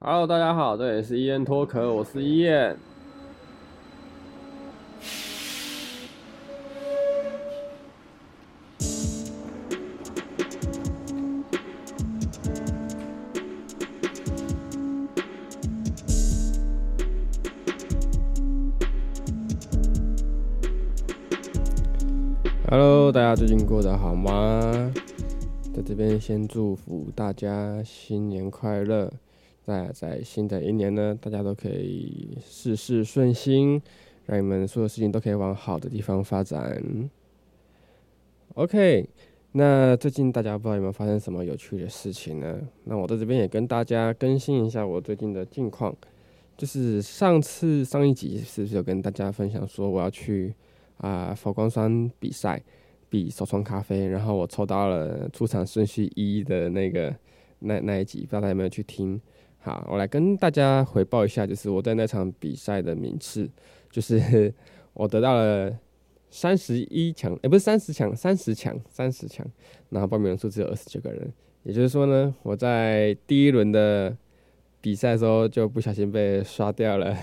Hello，大家好，這裡是伊恩托克，我是伊恩。Hello，大家最近過得好嗎？在這邊先祝福大家新年快樂。那在新的一年呢，大家都可以事事順心，讓你們所有事情都可以往好的地方發展。OK，那最近大家不知道有沒有發生什麼有趣的事情呢？那我在這邊也跟大家更新一下我最近的近況，就是上次上一集是不是有跟大家分享說我要去啊、呃、佛光山比賽比手沖咖啡，然後我抽到了出場順序一，一的那個那那一集，不知道大家有沒有去聽？好，我來跟大家回報一下，就是我在那場比賽的名次，就是我得到了三十一強，也、欸、不是三十強，三十強，三十強。然後報名人數只有二十九個人，也就是說呢，我在第一輪的比賽的時候就不小心被刷掉了。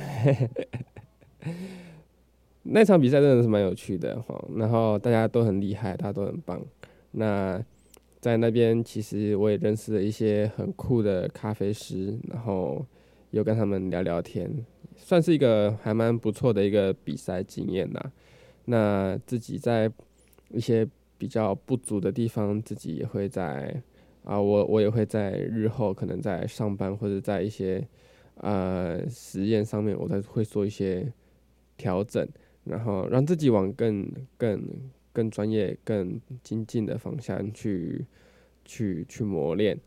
那場比賽真的是蠻有趣的哈，然後大家都很厲害，大家都很棒。那在那邊，其實我也認識了一些很酷的咖啡師，然後又跟他們聊聊天，算是一個還蠻不錯的一個比賽經驗啦。那自己在一些比較不足的地方，自己也會在啊、呃，我我也會在日後可能在上班或者在一些呃實驗上面，我都會做一些調整，然後讓自己往更更。更專業、更精進的方向去去去磨練。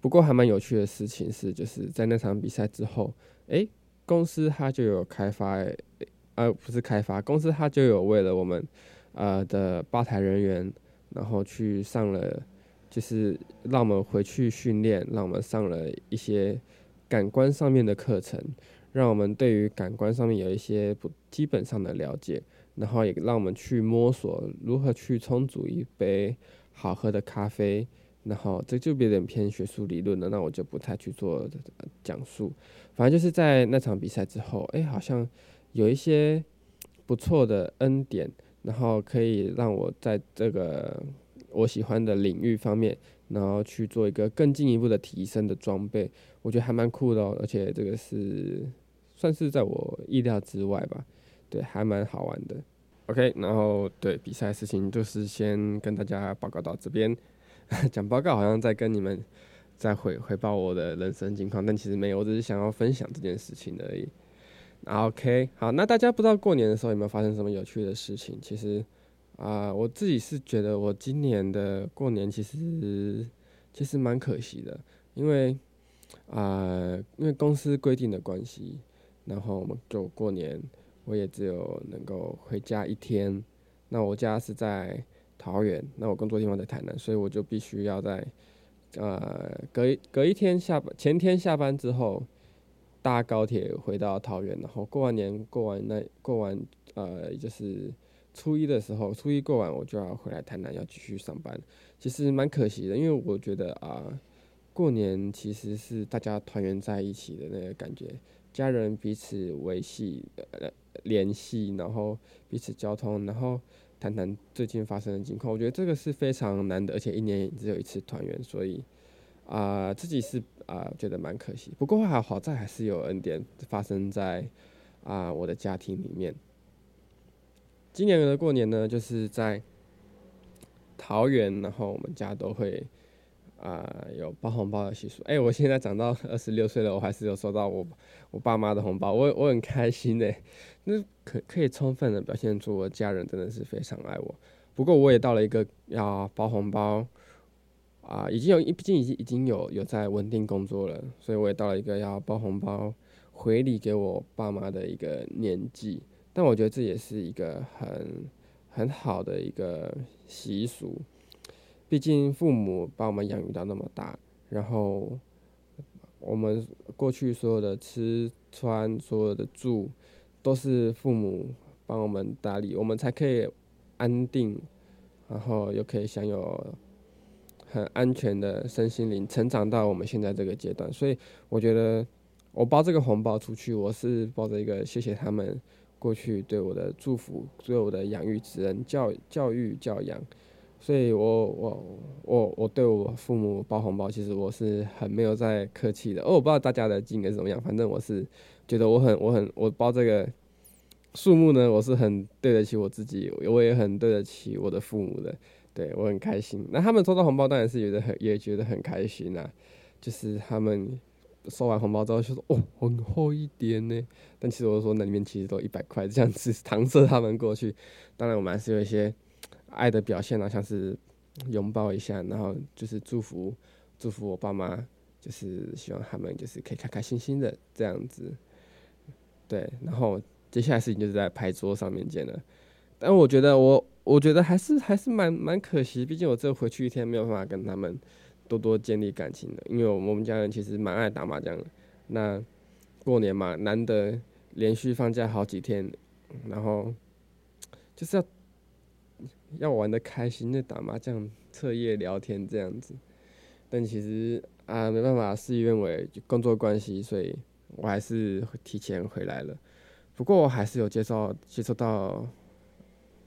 不過還蠻有趣的事情是，就是在那場比賽之後，誒、欸，公司它就有開發、欸，啊、呃，不是開發，公司它就有為了我們，啊的吧台人員，然後去上了，就是讓我們回去訓練，讓我們上了一些感官上面的課程，讓我們對於感官上面有一些不基本上的了解。然後也讓我們去摸索如何去沖煮一杯好喝的咖啡，然後這就有點偏學術理論了，那我就不太去做講述。反正就是在那場比賽之後，哎，好像有一些不錯的恩典，然後可以讓我在這個我喜歡的領域方面，然後去做一個更進一步的提升的裝備，我覺得還蠻酷的哦，而且這個是算是在我意料之外吧。對，還蠻好玩的。OK，然後對比賽事情，就是先跟大家報告到這邊。 講報告好像在跟你們再回回報我的人生近況，但其實沒有，我只是想要分享這件事情而已。OK，好，那大家不知道過年的時候有沒有發生什麼有趣的事情？其實啊、呃，我自己是覺得我今年的過年其實其實蠻可惜的，因為啊、呃，因為公司規定的關係，然後我們就過年。我也只有能夠回家一天，那我家是在桃園，那我工作地方在台南，所以我就必須要在，呃，隔一隔一天下班，前天下班之後，搭高鐵回到桃園，然後過完年，過完那過完，呃，就是初一的時候，初一過完我就要回來台南，要繼續上班。其實蠻可惜的，因為我覺得啊，呃，過年其實是大家團圓在一起的那個感覺，家人彼此維繫呃。聯繫，然後彼此交通，然後談談最近發生的情況。我覺得這個是非常難得，而且一年也只有一次團圓，所以啊、呃，自己是啊、呃、覺得蠻可惜。不過還好在還是有恩典發生在啊、呃、我的家庭裡面。今年的過年呢，就是在桃園，然後我們家都會。啊、呃，有包紅包的習俗。哎、欸，我現在長到二十六歲了，我還是有收到我我爸媽的紅包，我我很開心的、欸。那可可以充分的表現出我家人真的是非常愛我。不過我也到了一個要包紅包啊、呃，已經有，畢竟已經已經有有在穩定工作了，所以我也到了一個要包紅包回禮給我爸媽的一個年紀。但我覺得這也是一個很很好的一個習俗。畢竟父母把我們養育到那麼大，然後我們過去所有的吃穿、所有的住，都是父母幫我們打理，我們才可以安定，然後又可以享有很安全的身心靈，成長到我們現在這個階段。所以，我覺得我包這個紅包出去，我是抱着一個謝謝他們過去對我的祝福、對我的養育之恩、教教育、教養。所以我，我我我我對我父母包紅包，其實我是很沒有在客氣的。哦，我不知道大家的金額是怎麼樣，反正我是覺得我很我很我包這個數目呢，我是很對得起我自己，我也很對得起我的父母的。對，我很開心。那他們收到紅包，當然是覺得很也覺得很開心啦、啊，就是他們收完紅包之後就說：“哦，很厚一點呢。”但其實我說那裡面其實都一百塊，這樣子搪塞他們過去。當然，我們還是有一些。愛的表現呢、啊，像是擁抱一下，然後就是祝福，祝福我爸媽，就是希望他們就是可以開開心心的這樣子。對，然後接下來事情就是在牌桌上面見了。但我覺得我，我覺得還是還是蠻蠻可惜，畢竟我這回去一天沒有辦法跟他們多多建立感情的。因為我們家人其實蠻愛打麻將的，那過年嘛，難得連續放假好幾天，然後就是要。要玩的開心，那打麻將、徹夜聊天這樣子。但其實啊，沒辦法，事與願違，就工作關係，所以我還是提前回來了。不過我還是有接受接受到，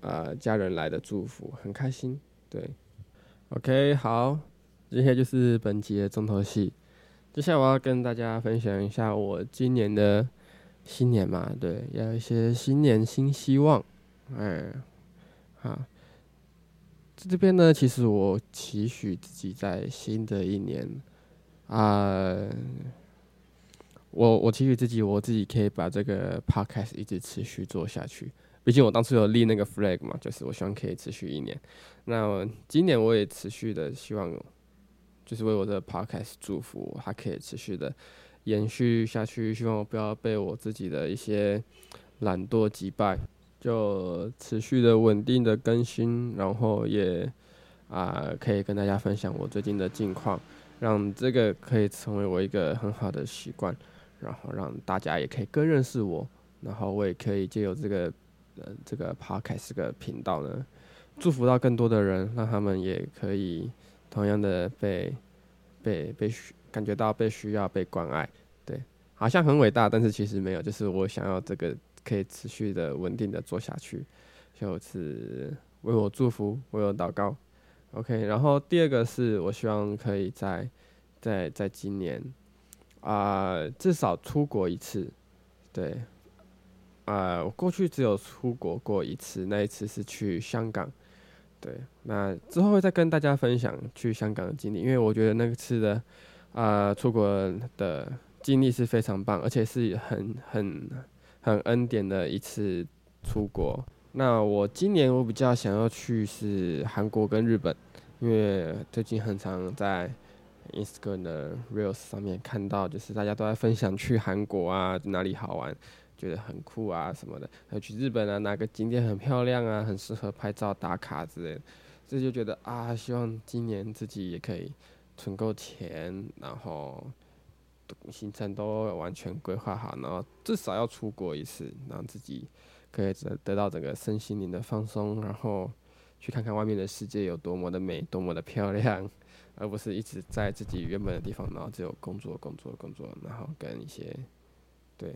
啊，家人來的祝福，很開心。對，OK，好，今天就是本集的重頭戲。接下來我要跟大家分享一下我今年的新年嘛，對，要一些新年新希望，嗯。啊，這邊呢，其實我期許自己在新的一年，啊、呃，我我期許自己，我自己可以把這個 podcast 一直持續做下去。畢竟我當初有立那個 flag 嘛，就是我希望可以持續一年。那今年我也持續的希望，就是為我的 podcast 祝福，它可以持續的延續下去。希望我不要被我自己的一些懶惰擊敗。就持續的穩定的更新，然後也啊、呃、可以跟大家分享我最近的近況，讓這個可以成為我一個很好的習慣，然後讓大家也可以更認識我，然後我也可以借由這個呃這個 p a r k a s 這個頻道呢，祝福到更多的人，讓他們也可以同樣的被被被需感覺到被需要被關愛，對，好像很偉大，但是其實沒有，就是我想要這個。可以持續的穩定的做下去，就是為我祝福，為我禱告。OK，然後第二個是我希望可以在在在今年啊，呃，至少出國一次。對，啊，呃，我過去只有出國過一次，那一次是去香港。對，那之後會再跟大家分享去香港的經歷，因為我覺得那次的啊，呃，出國的經歷是非常棒，而且是很很。很恩典的一次出國。那我今年我比較想要去是韓國跟日本，因為最近很常在 Instagram 的 Reels 上面看到，就是大家都在分享去韓國啊哪裡好玩，覺得很酷啊什麼的，還有去日本啊哪個景點很漂亮啊，很適合拍照打卡之類的。這就覺得啊，希望今年自己也可以存夠錢，然後。行程都有完全規劃好，然後至少要出國一次，讓自己可以得得到整個身心靈的放鬆，然後去看看外面的世界有多麼的美，多麼的漂亮，而不是一直在自己原本的地方，然後只有工作，工作，工作，然後跟一些，對，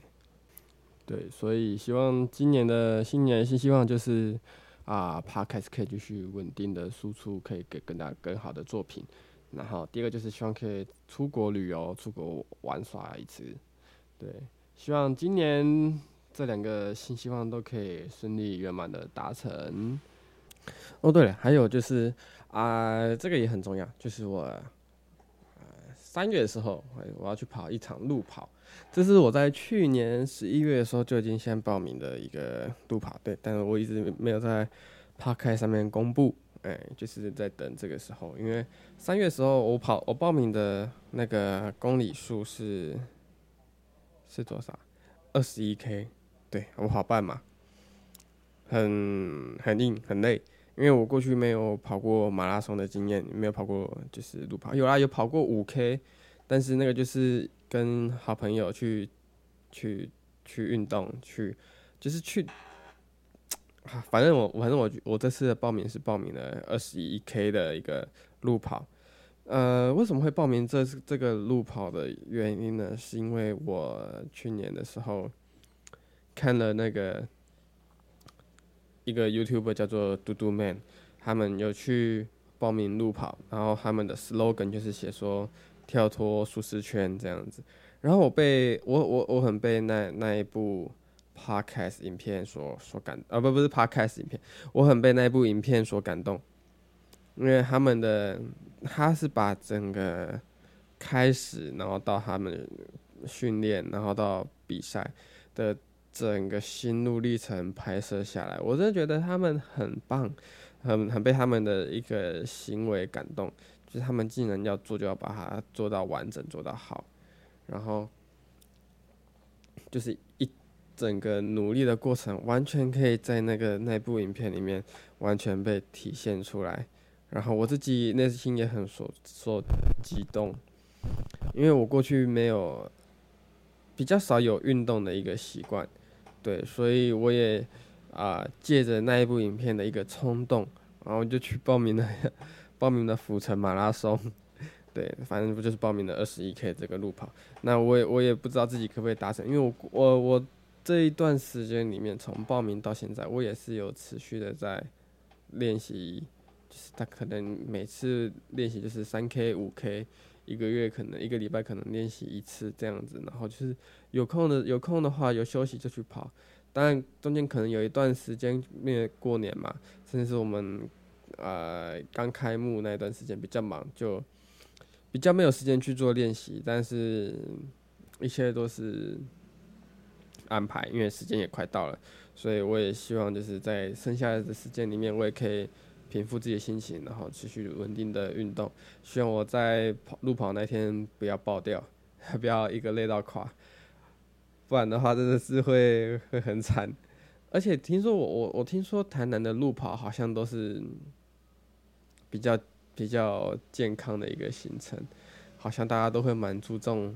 對，所以希望今年的新年新希望就是啊，Podcast 可以繼續穩定的輸出，可以給更大更好的作品。然後，第二個就是希望可以出國旅遊、出國玩耍一次，對，希望今年這兩個新希望都可以順利圓滿的達成。哦，對了，還有就是啊、呃，這個也很重要，就是我三、呃、月的時候，我要去跑一場路跑，這是我在去年十一月的時候就已經先報名的一個路跑，對，但是我一直沒有在 Park 上面公布。哎、嗯，就是在等這個時候，因為三月時候我跑，我報名的那個公里數是是多少？二十一 K，對，我跑半馬，很很硬很累，因為我過去沒有跑過馬拉松的經驗，沒有跑過就是路跑，有啊有跑過五 K，但是那個就是跟好朋友去去去運動去，就是去。反正我，反正我，我這次的報名是報名了二十一 K 的一個路跑，呃，為什麼會報名這這個路跑的原因呢？是因為我去年的時候看了那個一個 YouTuber 叫做嘟嘟 Man，他們有去報名路跑，然後他們的 slogan 就是寫說跳脫舒適圈這樣子，然後我被我我我很被那那一部。Podcast 影片所所感啊，不是不是 Podcast 影片，我很被那部影片所感動，因為他們的他是把整個開始，然後到他們訓練，然後到比賽的整個心路歷程拍攝下來，我真的覺得他們很棒，很很被他們的一個行為感動，就是他們既然要做，就要把它做到完整，做到好，然後就是一。整個努力的過程完全可以在那個那部影片裡面完全被體現出來，然後我自己內心也很所所激動，因為我過去沒有比較少有運動的一個習慣，對，所以我也啊、呃、借着那一部影片的一個衝動，然後就去報名了，報名了府城馬拉松，對，反正不就是報名了二十一 K 這個路跑，那我也我也不知道自己可不可以達成，因為我我我。我這一段時間裡面，從報名到現在，我也是有持續的在練習，就是他可能每次練習就是三 K、五 K，一個月可能一個禮拜可能練習一次這樣子，然後就是有空的有空的話有休息就去跑，當然中間可能有一段時間因為過年嘛，甚至是我們呃剛開幕那段時間比較忙，就比較沒有時間去做練習，但是一切都是。安排，因為時間也快到了，所以我也希望就是在剩下的時間裡面，我也可以平復自己的心情，然後持續穩定的運動。希望我在跑路跑那天不要爆掉，不要一個累到垮，不然的話真的是會很慘。而且聽說我我我聽說台南的路跑好像都是比較比較健康的一個行程，好像大家都會蠻注重。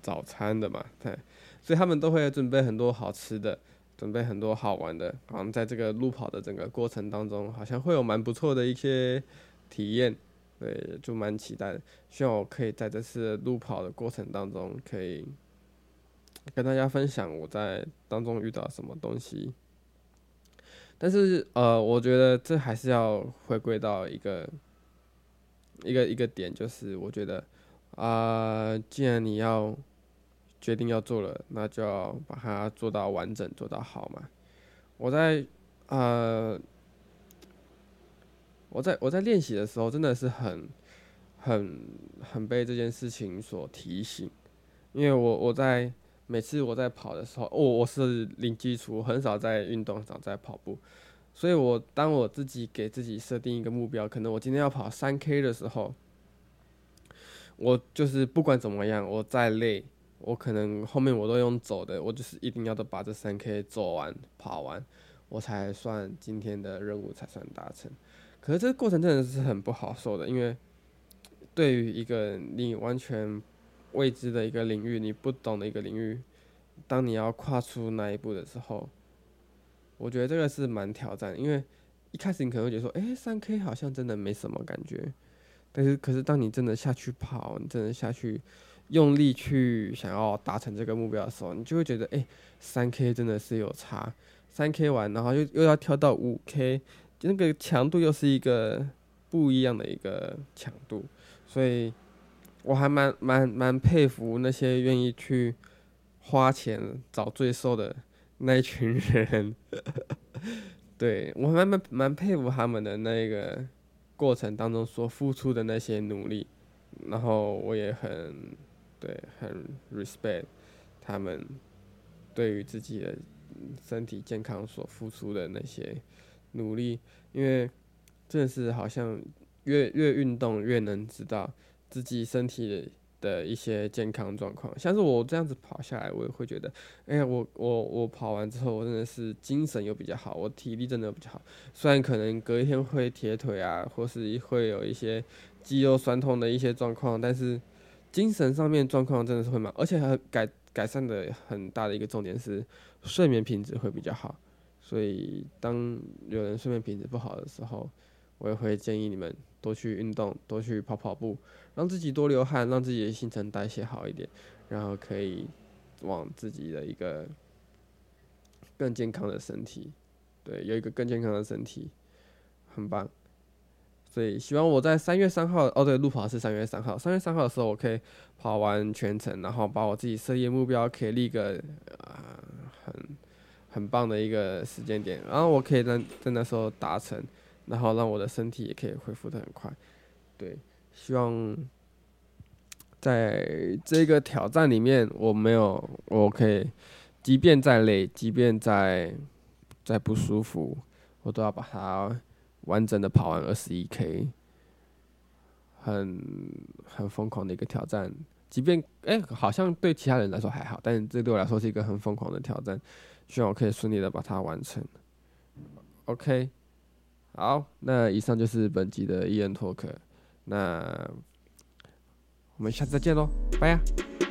早餐的嘛，對，所以他們都會準備很多好吃的，準備很多好玩的，好像在這個路跑的整個過程當中，好像會有蠻不錯的一些體驗，對，就蠻期待的。希望我可以在這次路跑的過程當中，可以跟大家分享我在當中遇到什麼東西。但是，呃，我覺得這還是要回歸到一個一個一個點，就是我覺得。啊、呃，既然你要決定要做了，那就要把它做到完整，做到好嘛。我在呃，我在我在練習的時候，真的是很很很被這件事情所提醒，因為我我在每次我在跑的時候，我、哦、我是零基礎，很少在運動場在跑步，所以我當我自己給自己設定一個目標，可能我今天要跑三 K 的時候。我就是不管怎麼樣，我再累，我可能後面我都用走的，我就是一定要都把這三 K 走完、跑完，我才算今天的任務才算達成。可是這個過程真的是很不好受的，因為對於一個你完全未知的一個領域，你不懂的一個領域，當你要跨出那一步的時候，我覺得這個是蠻挑戰，因為一開始你可能會覺得說，哎、欸，三 K 好像真的沒什麼感覺。但是，可是，當你真的下去跑，你真的下去用力去想要達成這個目標的時候，你就會覺得，哎、欸，三 K 真的是有差。三 K 完，然後又又要跳到五 K，那個強度又是一個不一樣的一個強度。所以，我還蠻蠻蠻佩服那些願意去花錢找罪受的那一群人。 對，我還蠻蠻佩服他們的那個。過程當中所付出的那些努力，然後我也很，對，很 respect 他們對於自己的身體健康所付出的那些努力，因為真是好像越越運動越能知道自己身體的。的一些健康狀況，像是我這樣子跑下來，我也會覺得，哎，我我我跑完之後，我真的是精神又比較好，我體力真的比較好。雖然可能隔一天會鐵腿啊，或是會有一些肌肉酸痛的一些狀況，但是精神上面狀況真的是會蠻，而且還改改善的很大的一個重點是睡眠品質會比較好。所以當有人睡眠品質不好的時候，我也會建議你們多去運動，多去跑跑步，讓自己多流汗，讓自己的新陳代謝好一點，然後可以往自己的一個更健康的身體，對，有一個更健康的身體，很棒。所以希望我在三月三號，哦對，路跑是三月三號，三月三號的時候我可以跑完全程，然後把我自己設定的目標可以立個啊、呃、很很棒的一個時間點，然後我可以在在那時候達成。然後讓我的身體也可以恢復的很快，對，希望在這個挑戰裡面，我沒有，我可以，即便再累，即便再再不舒服，我都要把它完整的跑完二十一 k，很很瘋狂的一個挑戰。即便哎，好像對其他人來說還好，但是這對我來說是一個很瘋狂的挑戰。希望我可以順利的把它完成。OK。好，那以上就是本集的 E N Talk，那我們下次再見嘍，拜呀、啊。